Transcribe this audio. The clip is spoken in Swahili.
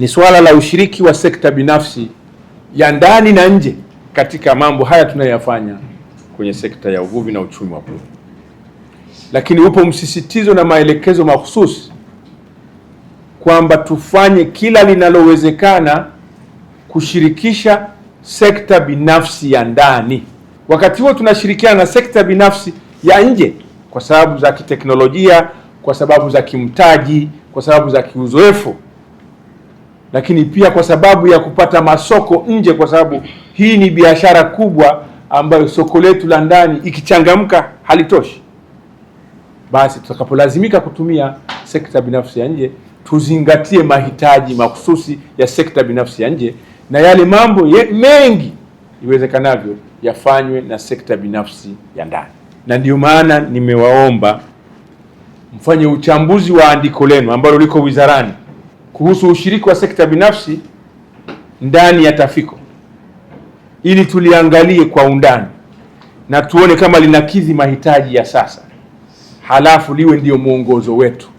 Ni swala la ushiriki wa sekta binafsi ya ndani na nje katika mambo haya tunayoyafanya kwenye sekta ya uvuvi na uchumi wa bluu. lakini upo msisitizo na maelekezo mahususi kwamba tufanye kila linalowezekana kushirikisha sekta binafsi ya ndani, wakati huo tunashirikiana na sekta binafsi ya nje kwa sababu za kiteknolojia, kwa sababu za kimtaji, kwa sababu za kiuzoefu lakini pia kwa sababu ya kupata masoko nje, kwa sababu hii ni biashara kubwa ambayo soko letu la ndani ikichangamka halitoshi. Basi tutakapolazimika kutumia sekta binafsi ya nje, tuzingatie mahitaji mahususi ya sekta binafsi ya nje na yale mambo ye, mengi iwezekanavyo yafanywe na sekta binafsi ya ndani, na ndio maana nimewaomba mfanye uchambuzi wa andiko lenu ambalo liko wizarani kuhusu ushiriki wa sekta binafsi ndani ya Tafiko ili tuliangalie kwa undani na tuone kama linakidhi mahitaji ya sasa, halafu liwe ndio mwongozo wetu.